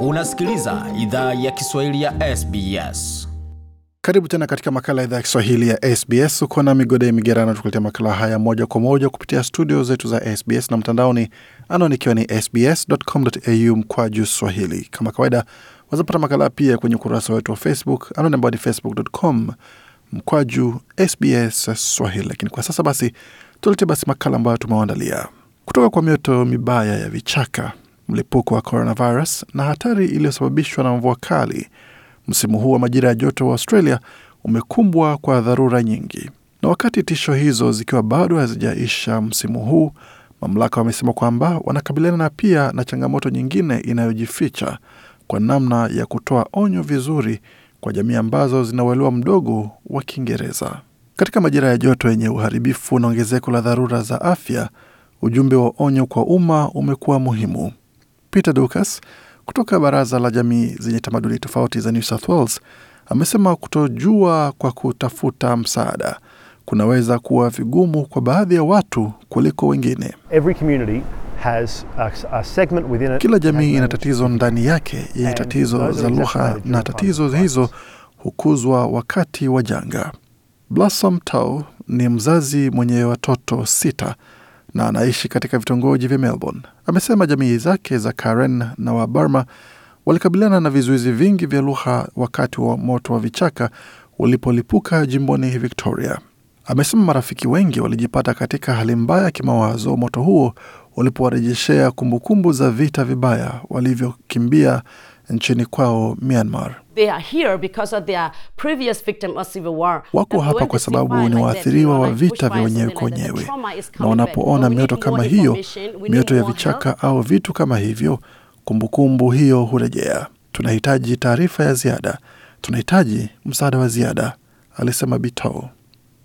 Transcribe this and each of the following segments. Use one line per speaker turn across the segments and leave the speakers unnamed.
Unasikiliza idhaa ya Kiswahili ya SBS. Karibu tena katika makala idhaa ya Kiswahili ya SBS. Uko na Migode Migerano tukuletea makala haya moja kwa moja kupitia studio zetu za SBS na mtandaoni, anwani ikiwa ni sbs.com.au mkwaju swahili. Kama kawaida, wazapata makala pia kwenye ukurasa wetu wa Facebook, anwani ambayo ni facebook.com mkwaju SBS Swahili. Lakini kwa sasa basi, tulete basi makala ambayo tumewaandalia kutoka kwa mioto mibaya ya vichaka mlipuko wa coronavirus na hatari iliyosababishwa na mvua kali. Msimu huu wa majira ya joto wa Australia umekumbwa kwa dharura nyingi, na wakati tisho hizo zikiwa bado hazijaisha msimu huu, mamlaka wamesema kwamba wanakabiliana na pia na changamoto nyingine inayojificha kwa namna ya kutoa onyo vizuri kwa jamii ambazo zina uelewa mdogo wa Kiingereza katika majira ya joto yenye uharibifu na ongezeko la dharura za afya. Ujumbe wa onyo kwa umma umekuwa muhimu. Peter Dukas kutoka Baraza la Jamii zenye Tamaduni Tofauti za New South Wales amesema kutojua kwa kutafuta msaada kunaweza kuwa vigumu kwa baadhi ya watu kuliko wengine. Kila jamii ina tatizo ndani yake yenye tatizo za lugha na tatizo hizo hukuzwa wakati wa janga. Blossom Tau ni mzazi mwenye watoto sita na anaishi katika vitongoji vya Melbourne. Amesema jamii zake za Karen na Wabarma walikabiliana na vizuizi vingi vya lugha wakati wa moto wa vichaka ulipolipuka jimboni Victoria. Amesema marafiki wengi walijipata katika hali mbaya ya kimawazo moto huo ulipowarejeshea kumbukumbu za vita vibaya walivyokimbia nchini kwao Myanmar they are here because of their previous victim of civil war. Wako hapa kwa sababu ni waathiriwa wa vita vya wenyewe kwa wenyewe, na wanapoona mioto kama hiyo, mioto ya vichaka au vitu kama hivyo, kumbukumbu kumbu hiyo hurejea. Tunahitaji taarifa ya ziada, tunahitaji msaada wa ziada, alisema Bito.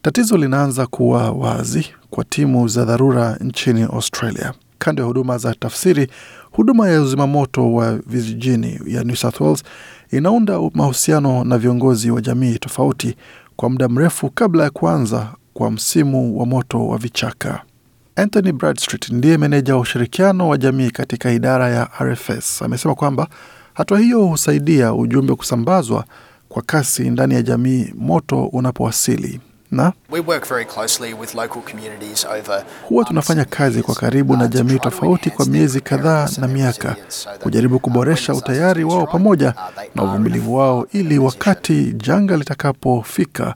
Tatizo linaanza kuwa wazi kwa timu za dharura nchini Australia. Kando ya huduma za tafsiri, huduma ya uzimamoto wa vijijini ya New South Wales inaunda mahusiano na viongozi wa jamii tofauti kwa muda mrefu kabla ya kuanza kwa msimu wa moto wa vichaka. Anthony Bradstreet ndiye meneja wa ushirikiano wa jamii katika idara ya RFS amesema kwamba hatua hiyo husaidia ujumbe kusambazwa kwa kasi ndani ya jamii moto unapowasili na huwa um, tunafanya kazi kwa karibu uh, na jamii tofauti kwa miezi kadhaa na miaka kujaribu kuboresha utayari wao pamoja uh, na uvumilivu wao, ili wakati janga litakapofika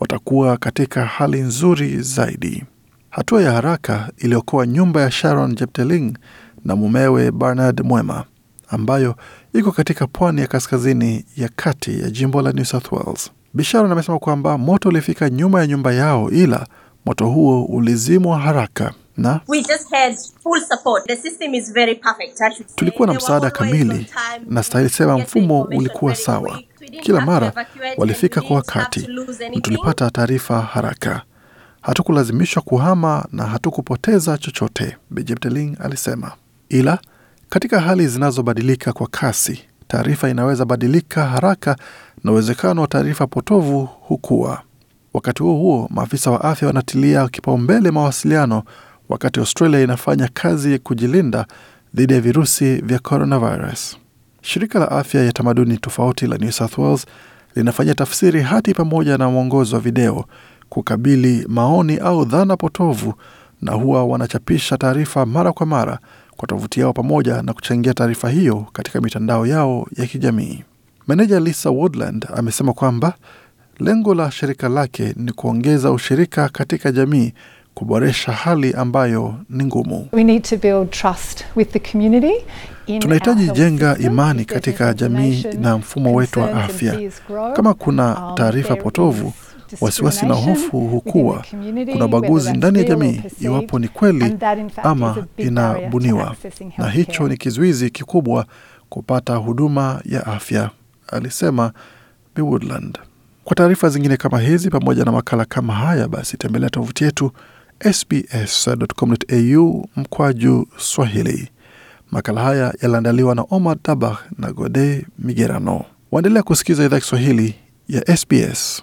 watakuwa katika hali nzuri zaidi. Hatua ya haraka iliokoa nyumba ya Sharon Jepteling na mumewe Bernard Mwema ambayo iko katika pwani ya kaskazini ya kati ya jimbo la New South Wales. Bisharon amesema kwamba moto ulifika nyuma ya nyumba yao, ila moto huo ulizimwa haraka na tulikuwa na msaada kamili, na stahili sema mfumo ulikuwa sawa. Kila mara walifika kwa wakati na tulipata taarifa haraka. Hatukulazimishwa kuhama na hatukupoteza chochote, Bejebteling alisema, ila katika hali zinazobadilika kwa kasi, taarifa inaweza badilika haraka na uwezekano wa taarifa potovu hukua. Wakati huo huo, maafisa wa afya wanatilia kipaumbele mawasiliano wakati Australia inafanya kazi ya kujilinda dhidi ya virusi vya coronavirus. Shirika la afya ya tamaduni tofauti la New South Wales linafanya tafsiri hati pamoja na mwongozo wa video kukabili maoni au dhana potovu, na huwa wanachapisha taarifa mara kwa mara kwa tovuti yao pamoja na kuchangia taarifa hiyo katika mitandao yao ya kijamii. Meneja Lisa Woodland amesema kwamba lengo la shirika lake ni kuongeza ushirika katika jamii kuboresha hali ambayo ni ngumu. Tunahitaji jenga imani katika jamii na mfumo wetu wa afya. Kama kuna taarifa potovu Wasiwasi na hofu hukuwa kuna ubaguzi ndani ya jamii, iwapo ni kweli ama inabuniwa, na hicho ni kizuizi kikubwa kupata huduma ya afya, alisema bwoodland Kwa taarifa zingine kama hizi pamoja na makala kama haya, basi tembelea tovuti yetu sbs.com.au mkwaju Swahili. Makala haya yaliandaliwa na Omar dabah na Gode Migerano. Waendelea kusikiza idhaa Kiswahili ya SBS